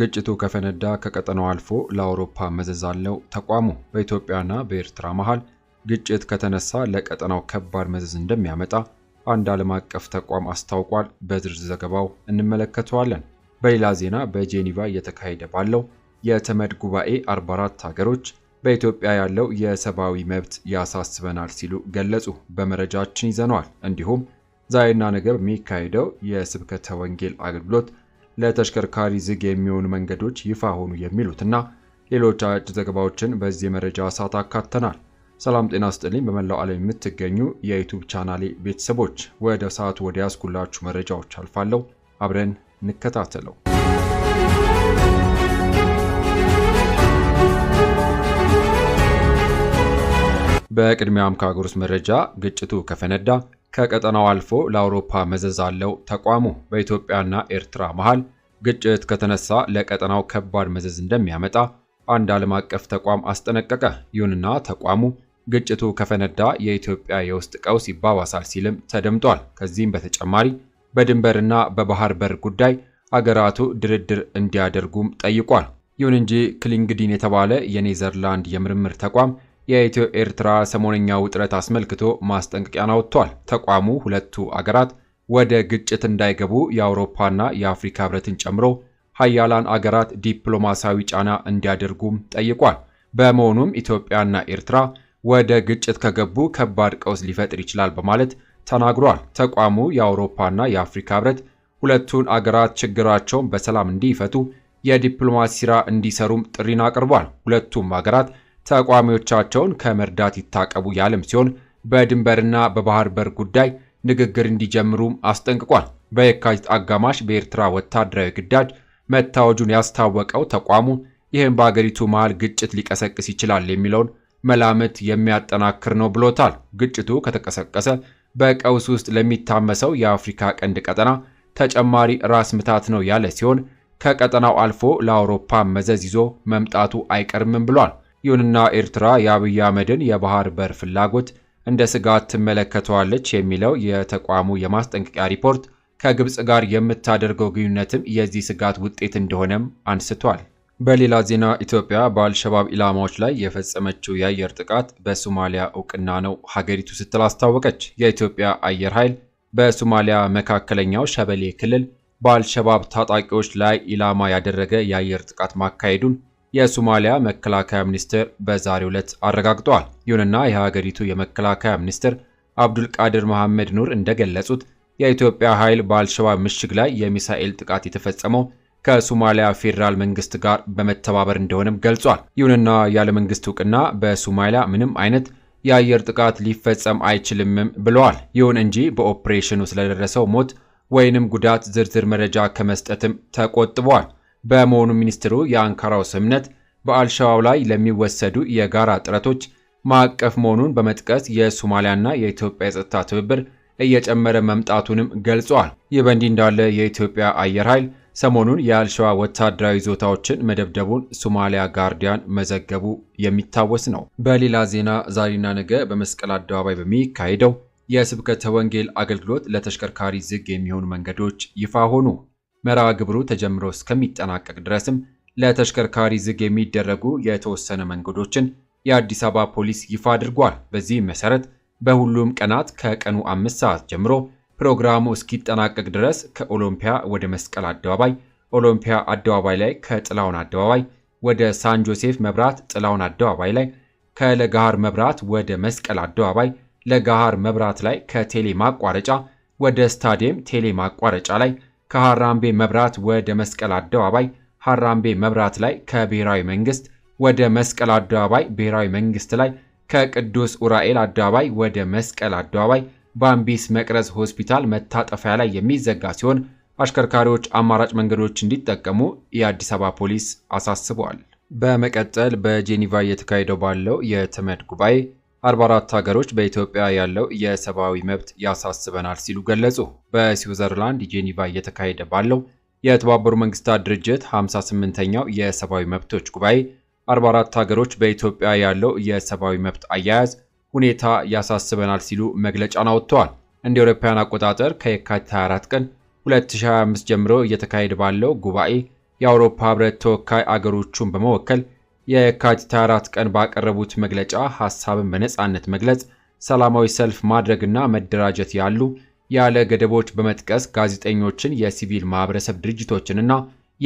ግጭቱ ከፈነዳ ከቀጠናው አልፎ ለአውሮፓ መዘዝ አለው ተቋሙ። በኢትዮጵያና በኤርትራ መሃል ግጭት ከተነሳ ለቀጠናው ከባድ መዘዝ እንደሚያመጣ አንድ ዓለም አቀፍ ተቋም አስታውቋል። በዝርዝር ዘገባው እንመለከተዋለን። በሌላ ዜና በጄኒቫ እየተካሄደ ባለው የተመድ ጉባኤ 44 ሀገሮች በኢትዮጵያ ያለው የሰብአዊ መብት ያሳስበናል ሲሉ ገለጹ። በመረጃችን ይዘነዋል። እንዲሁም ዛሬና ነገ በሚካሄደው የስብከተ ወንጌል አገልግሎት ለተሽከርካሪ ዝግ የሚሆኑ መንገዶች ይፋ ሆኑ የሚሉትና ሌሎች አጭር ዘገባዎችን በዚህ የመረጃ ሰዓት አካተናል። ሰላም ጤና ስጥልኝ። በመላው ዓለም የምትገኙ የዩቱብ ቻናሌ ቤተሰቦች ወደ ሰዓቱ ወደ ያስኩላችሁ መረጃዎች አልፋለሁ። አብረን እንከታተለው። በቅድሚያም ከአገር ውስጥ መረጃ ግጭቱ ከፈነዳ ከቀጠናው አልፎ ለአውሮፓ መዘዝ አለው ተቋሙ በኢትዮጵያና ኤርትራ መሃል ግጭት ከተነሳ ለቀጠናው ከባድ መዘዝ እንደሚያመጣ አንድ ዓለም አቀፍ ተቋም አስጠነቀቀ። ይሁንና ተቋሙ ግጭቱ ከፈነዳ የኢትዮጵያ የውስጥ ቀውስ ይባባሳል ሲልም ተደምጧል። ከዚህም በተጨማሪ በድንበርና በባህር በር ጉዳይ አገራቱ ድርድር እንዲያደርጉም ጠይቋል። ይሁን እንጂ ክሊንግዲን የተባለ የኔዘርላንድ የምርምር ተቋም የኢትዮ ኤርትራ ሰሞነኛ ውጥረት አስመልክቶ ማስጠንቀቂያን አውጥቷል። ተቋሙ ሁለቱ አገራት ወደ ግጭት እንዳይገቡ የአውሮፓና የአፍሪካ ህብረትን ጨምሮ ሀያላን አገራት ዲፕሎማሲያዊ ጫና እንዲያደርጉም ጠይቋል። በመሆኑም ኢትዮጵያና ኤርትራ ወደ ግጭት ከገቡ ከባድ ቀውስ ሊፈጥር ይችላል በማለት ተናግሯል። ተቋሙ የአውሮፓና የአፍሪካ ህብረት ሁለቱን አገራት ችግራቸውን በሰላም እንዲፈቱ የዲፕሎማሲ ስራ እንዲሰሩም ጥሪን አቅርቧል። ሁለቱም አገራት ተቋሚዎቻቸውን ከመርዳት ይታቀቡ ያለም ሲሆን በድንበርና በባህር በር ጉዳይ ንግግር እንዲጀምሩም አስጠንቅቋል። በየካቲት አጋማሽ በኤርትራ ወታደራዊ ግዳጅ መታወጁን ያስታወቀው ተቋሙ ይህም በአገሪቱ መሃል ግጭት ሊቀሰቅስ ይችላል የሚለውን መላምት የሚያጠናክር ነው ብሎታል። ግጭቱ ከተቀሰቀሰ በቀውስ ውስጥ ለሚታመሰው የአፍሪካ ቀንድ ቀጠና ተጨማሪ ራስ ምታት ነው ያለ ሲሆን ከቀጠናው አልፎ ለአውሮፓ መዘዝ ይዞ መምጣቱ አይቀርምም ብሏል። ይሁንና ኤርትራ የአብይ አህመድን የባህር በር ፍላጎት እንደ ስጋት ትመለከተዋለች የሚለው የተቋሙ የማስጠንቀቂያ ሪፖርት ከግብፅ ጋር የምታደርገው ግንኙነትም የዚህ ስጋት ውጤት እንደሆነም አንስቷል። በሌላ ዜና ኢትዮጵያ በአልሸባብ ኢላማዎች ላይ የፈጸመችው የአየር ጥቃት በሶማሊያ እውቅና ነው ሀገሪቱ ስትል አስታወቀች። የኢትዮጵያ አየር ኃይል በሶማሊያ መካከለኛው ሸበሌ ክልል በአልሸባብ ታጣቂዎች ላይ ኢላማ ያደረገ የአየር ጥቃት ማካሄዱን የሶማሊያ መከላከያ ሚኒስትር በዛሬው ዕለት አረጋግጧል። ይሁንና የሀገሪቱ የመከላከያ ሚኒስትር አብዱልቃድር መሐመድ ኑር እንደገለጹት የኢትዮጵያ ኃይል በአልሸባብ ምሽግ ላይ የሚሳኤል ጥቃት የተፈጸመው ከሶማሊያ ፌዴራል መንግስት ጋር በመተባበር እንደሆነም ገልጿል። ይሁንና ያለ መንግስት እውቅና በሶማሊያ ምንም አይነት የአየር ጥቃት ሊፈጸም አይችልምም ብለዋል። ይሁን እንጂ በኦፕሬሽኑ ስለደረሰው ሞት ወይንም ጉዳት ዝርዝር መረጃ ከመስጠትም ተቆጥቧል። በመሆኑ ሚኒስትሩ የአንካራው ስምነት በአልሸባብ ላይ ለሚወሰዱ የጋራ ጥረቶች ማዕቀፍ መሆኑን በመጥቀስ የሶማሊያና የኢትዮጵያ የጸጥታ ትብብር እየጨመረ መምጣቱንም ገልጿል። ይህ በእንዲህ እንዳለ የኢትዮጵያ አየር ኃይል ሰሞኑን የአልሸባብ ወታደራዊ ይዞታዎችን መደብደቡን ሶማሊያ ጋርዲያን መዘገቡ የሚታወስ ነው። በሌላ ዜና ዛሬና ነገ በመስቀል አደባባይ በሚካሄደው የስብከተ ወንጌል አገልግሎት ለተሽከርካሪ ዝግ የሚሆኑ መንገዶች ይፋ ሆኑ። መርሃ ግብሩ ተጀምሮ እስከሚጠናቀቅ ድረስም ለተሽከርካሪ ዝግ የሚደረጉ የተወሰነ መንገዶችን የአዲስ አበባ ፖሊስ ይፋ አድርጓል። በዚህ መሰረት በሁሉም ቀናት ከቀኑ አምስት ሰዓት ጀምሮ ፕሮግራሙ እስኪጠናቀቅ ድረስ ከኦሎምፒያ ወደ መስቀል አደባባይ፣ ኦሎምፒያ አደባባይ ላይ ከጥላውን አደባባይ ወደ ሳን ጆሴፍ መብራት ጥላውን አደባባይ ላይ ከለጋሃር መብራት ወደ መስቀል አደባባይ ለጋሃር መብራት ላይ ከቴሌ ማቋረጫ ወደ ስታዲየም ቴሌ ማቋረጫ ላይ ከሐራምቤ መብራት ወደ መስቀል አደባባይ፣ ሐራምቤ መብራት ላይ ከብሔራዊ መንግስት ወደ መስቀል አደባባይ፣ ብሔራዊ መንግስት ላይ ከቅዱስ ኡራኤል አደባባይ ወደ መስቀል አደባባይ፣ በአምቢስ መቅረዝ ሆስፒታል መታጠፊያ ላይ የሚዘጋ ሲሆን አሽከርካሪዎች አማራጭ መንገዶች እንዲጠቀሙ የአዲስ አበባ ፖሊስ አሳስበዋል። በመቀጠል በጄኒቫ እየተካሄደው ባለው የተመድ ጉባኤ 44 ሀገሮች በኢትዮጵያ ያለው የሰብአዊ መብት ያሳስበናል ሲሉ ገለጹ። በስዊዘርላንድ ጄኒቫ እየተካሄደ ባለው የተባበሩ መንግስታት ድርጅት 58ኛው የሰብአዊ መብቶች ጉባኤ 44 ሀገሮች በኢትዮጵያ ያለው የሰብአዊ መብት አያያዝ ሁኔታ ያሳስበናል ሲሉ መግለጫን አውጥተዋል። እንደ አውሮፓውያን አቆጣጠር ከየካቲት 24 ቀን 2025 ጀምሮ እየተካሄደ ባለው ጉባኤ የአውሮፓ ህብረት ተወካይ አገሮቹን በመወከል የካቲት አራት ቀን ባቀረቡት መግለጫ ሀሳብን በነፃነት መግለጽ፣ ሰላማዊ ሰልፍ ማድረግና መደራጀት ያሉ ያለ ገደቦች በመጥቀስ ጋዜጠኞችን፣ የሲቪል ማህበረሰብ ድርጅቶችንና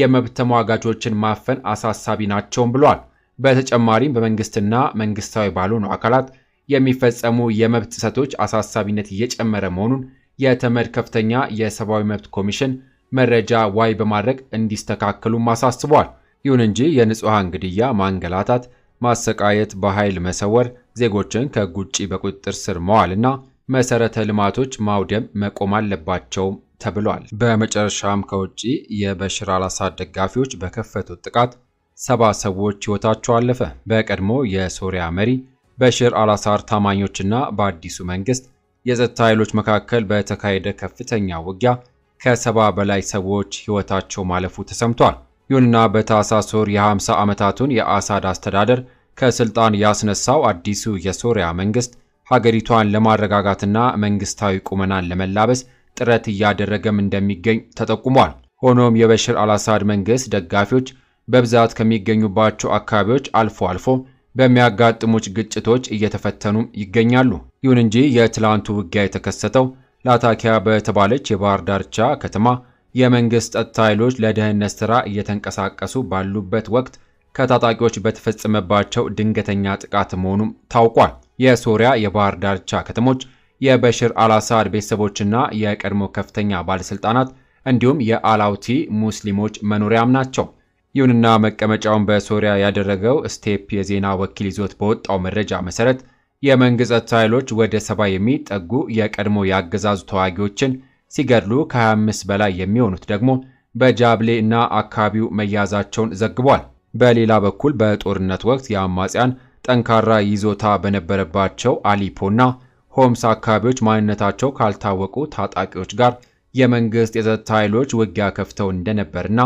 የመብት ተሟጋቾችን ማፈን አሳሳቢ ናቸውም ብሏል። በተጨማሪም በመንግስትና መንግስታዊ ባልሆኑ አካላት የሚፈጸሙ የመብት ጥሰቶች አሳሳቢነት እየጨመረ መሆኑን የተመድ ከፍተኛ የሰብአዊ መብት ኮሚሽን መረጃ ዋይ በማድረግ እንዲስተካከሉም አሳስቧል። ይሁን እንጂ የንጹሐን ግድያ፣ ማንገላታት፣ ማሰቃየት፣ በኃይል መሰወር፣ ዜጎችን ከሕግ ውጭ በቁጥጥር ስር መዋልና መሰረተ ልማቶች ማውደም መቆም አለባቸውም ተብሏል። በመጨረሻም ከውጭ የበሽር አላሳድ ደጋፊዎች በከፈቱት ጥቃት ሰባ ሰዎች ሕይወታቸው አለፈ። በቀድሞ የሶሪያ መሪ በሽር አልአሳድ ታማኞችና በአዲሱ መንግስት የጸጥታ ኃይሎች መካከል በተካሄደ ከፍተኛ ውጊያ ከሰባ በላይ ሰዎች ሕይወታቸው ማለፉ ተሰምቷል። ይሁንና በታህሳስ ወር የ50 ዓመታቱን የአሳድ አስተዳደር ከስልጣን ያስነሳው አዲሱ የሶሪያ መንግስት ሀገሪቷን ለማረጋጋትና መንግስታዊ ቁመናን ለመላበስ ጥረት እያደረገም እንደሚገኝ ተጠቁሟል። ሆኖም የበሽር አልአሳድ መንግስት ደጋፊዎች በብዛት ከሚገኙባቸው አካባቢዎች አልፎ አልፎ በሚያጋጥሙች ግጭቶች እየተፈተኑም ይገኛሉ። ይሁን እንጂ የትላንቱ ውጊያ የተከሰተው ላታኪያ በተባለች የባህር ዳርቻ ከተማ የመንግስት ጸጥታ ኃይሎች ለደህንነት ሥራ እየተንቀሳቀሱ ባሉበት ወቅት ከታጣቂዎች በተፈጸመባቸው ድንገተኛ ጥቃት መሆኑም ታውቋል። የሶሪያ የባህር ዳርቻ ከተሞች የበሽር አልአሳድ ቤተሰቦችና የቀድሞ ከፍተኛ ባለሥልጣናት እንዲሁም የአላውቲ ሙስሊሞች መኖሪያም ናቸው። ይሁንና መቀመጫውን በሶሪያ ያደረገው ስቴፕ የዜና ወኪል ይዞት በወጣው መረጃ መሠረት የመንግሥት ጸጥታ ኃይሎች ወደ ሰባ የሚጠጉ የቀድሞ የአገዛዙ ተዋጊዎችን ሲገድሉ ከ25 በላይ የሚሆኑት ደግሞ በጃብሌ እና አካባቢው መያዛቸውን ዘግቧል። በሌላ በኩል በጦርነት ወቅት የአማጽያን ጠንካራ ይዞታ በነበረባቸው አሊፖ እና ሆምስ አካባቢዎች ማንነታቸው ካልታወቁ ታጣቂዎች ጋር የመንግስት የጸጥታ ኃይሎች ውጊያ ከፍተው እንደነበርና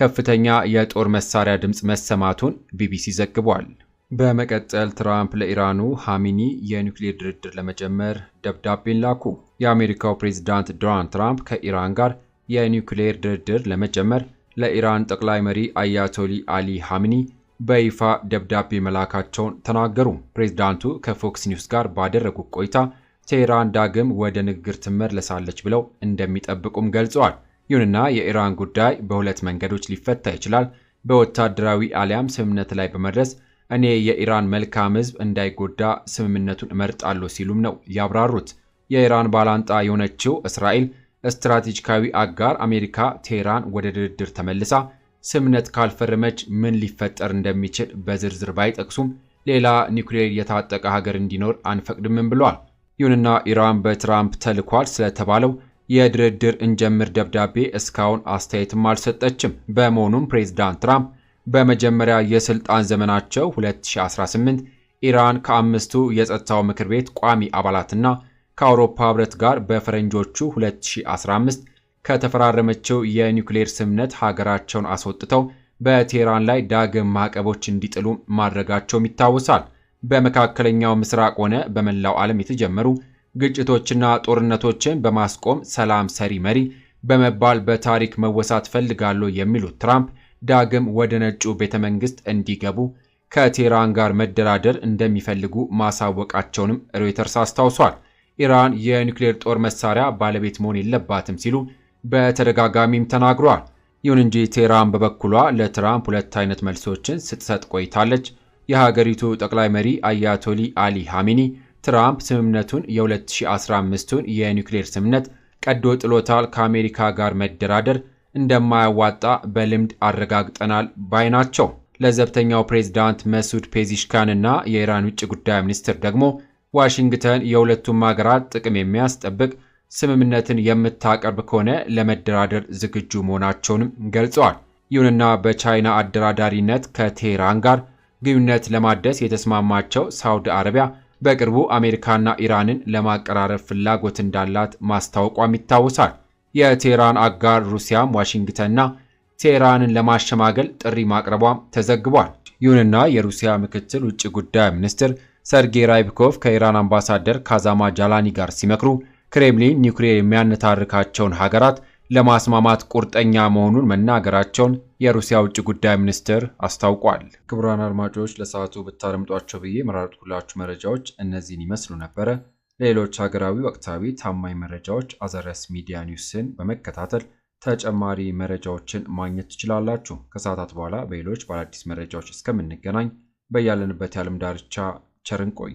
ከፍተኛ የጦር መሳሪያ ድምፅ መሰማቱን ቢቢሲ ዘግቧል። በመቀጠል ትራምፕ ለኢራኑ ሐሚኒ የኒውክሌር ድርድር ለመጀመር ደብዳቤን ላኩ። የአሜሪካው ፕሬዚዳንት ዶናልድ ትራምፕ ከኢራን ጋር የኒውክሌር ድርድር ለመጀመር ለኢራን ጠቅላይ መሪ አያቶሊ አሊ ሐሚኒ በይፋ ደብዳቤ መላካቸውን ተናገሩ። ፕሬዚዳንቱ ከፎክስ ኒውስ ጋር ባደረጉት ቆይታ ቴህራን ዳግም ወደ ንግግር ትመለሳለች ብለው እንደሚጠብቁም ገልጸዋል። ይሁንና የኢራን ጉዳይ በሁለት መንገዶች ሊፈታ ይችላል፤ በወታደራዊ አሊያም ስምምነት ላይ በመድረስ እኔ የኢራን መልካም ህዝብ እንዳይጎዳ ስምምነቱን እመርጣለሁ ሲሉም ነው ያብራሩት። የኢራን ባላንጣ የሆነችው እስራኤል ስትራቴጂካዊ አጋር አሜሪካ ቴህራን ወደ ድርድር ተመልሳ ስምምነት ካልፈረመች ምን ሊፈጠር እንደሚችል በዝርዝር ባይጠቅሱም ሌላ ኒውክሌር የታጠቀ ሀገር እንዲኖር አንፈቅድምም ብሏል። ይሁንና ኢራን በትራምፕ ተልኳል ስለተባለው የድርድር እንጀምር ደብዳቤ እስካሁን አስተያየትም አልሰጠችም። በመሆኑም ፕሬዚዳንት ትራምፕ በመጀመሪያ የስልጣን ዘመናቸው 2018 ኢራን ከአምስቱ የጸጥታው ምክር ቤት ቋሚ አባላትና ከአውሮፓ ህብረት ጋር በፈረንጆቹ 2015 ከተፈራረመችው የኒውክሌር ስምነት ሀገራቸውን አስወጥተው በቴህራን ላይ ዳግም ማዕቀቦች እንዲጥሉ ማድረጋቸውም ይታወሳል። በመካከለኛው ምስራቅ ሆነ በመላው ዓለም የተጀመሩ ግጭቶችና ጦርነቶችን በማስቆም ሰላም ሰሪ መሪ በመባል በታሪክ መወሳት ፈልጋለሁ የሚሉት ትራምፕ ዳግም ወደ ነጩ ቤተ መንግስት እንዲገቡ ከቴህራን ጋር መደራደር እንደሚፈልጉ ማሳወቃቸውንም ሮይተርስ አስታውሷል። ኢራን የኒውክሌር ጦር መሳሪያ ባለቤት መሆን የለባትም ሲሉ በተደጋጋሚም ተናግሯል። ይሁን እንጂ ቴህራን በበኩሏ ለትራምፕ ሁለት አይነት መልሶችን ስትሰጥ ቆይታለች። የሀገሪቱ ጠቅላይ መሪ አያቶሊ አሊ ሐሚኒ ትራምፕ ስምምነቱን የ2015ቱን የኒውክሌር ስምምነት ቀዶ ጥሎታል፣ ከአሜሪካ ጋር መደራደር እንደማያዋጣ በልምድ አረጋግጠናል ባይ ናቸው። ለዘብተኛው ፕሬዝዳንት መሱድ ፔዚሽካን እና የኢራን ውጭ ጉዳይ ሚኒስትር ደግሞ ዋሽንግተን የሁለቱም ሀገራት ጥቅም የሚያስጠብቅ ስምምነትን የምታቀርብ ከሆነ ለመደራደር ዝግጁ መሆናቸውንም ገልጸዋል። ይሁንና በቻይና አደራዳሪነት ከቴህራን ጋር ግንኙነት ለማደስ የተስማማቸው ሳውዲ አረቢያ በቅርቡ አሜሪካና ኢራንን ለማቀራረብ ፍላጎት እንዳላት ማስታወቋም ይታወሳል። የቴህራን አጋር ሩሲያም ዋሽንግተንና ቴህራንን ለማሸማገል ጥሪ ማቅረቧም ተዘግቧል። ይሁንና የሩሲያ ምክትል ውጭ ጉዳይ ሚኒስትር ሰርጌይ ራይብኮቭ ከኢራን አምባሳደር ካዛማ ጃላኒ ጋር ሲመክሩ ክሬምሊን ኒውክሌር የሚያነታርካቸውን ሀገራት ለማስማማት ቁርጠኛ መሆኑን መናገራቸውን የሩሲያ ውጭ ጉዳይ ሚኒስትር አስታውቋል። ክቡራን አድማጮች ለሰዓቱ ብታደምጧቸው ብዬ መራርጥኩላችሁ መረጃዎች እነዚህን ይመስሉ ነበረ። ሌሎች ሀገራዊ ወቅታዊ ታማኝ መረጃዎች አዘረስ ሚዲያ ኒውስን በመከታተል ተጨማሪ መረጃዎችን ማግኘት ትችላላችሁ። ከሰዓታት በኋላ በሌሎች በአዳዲስ መረጃዎች እስከምንገናኝ በያለንበት የዓለም ዳርቻ ቸርን ቆይ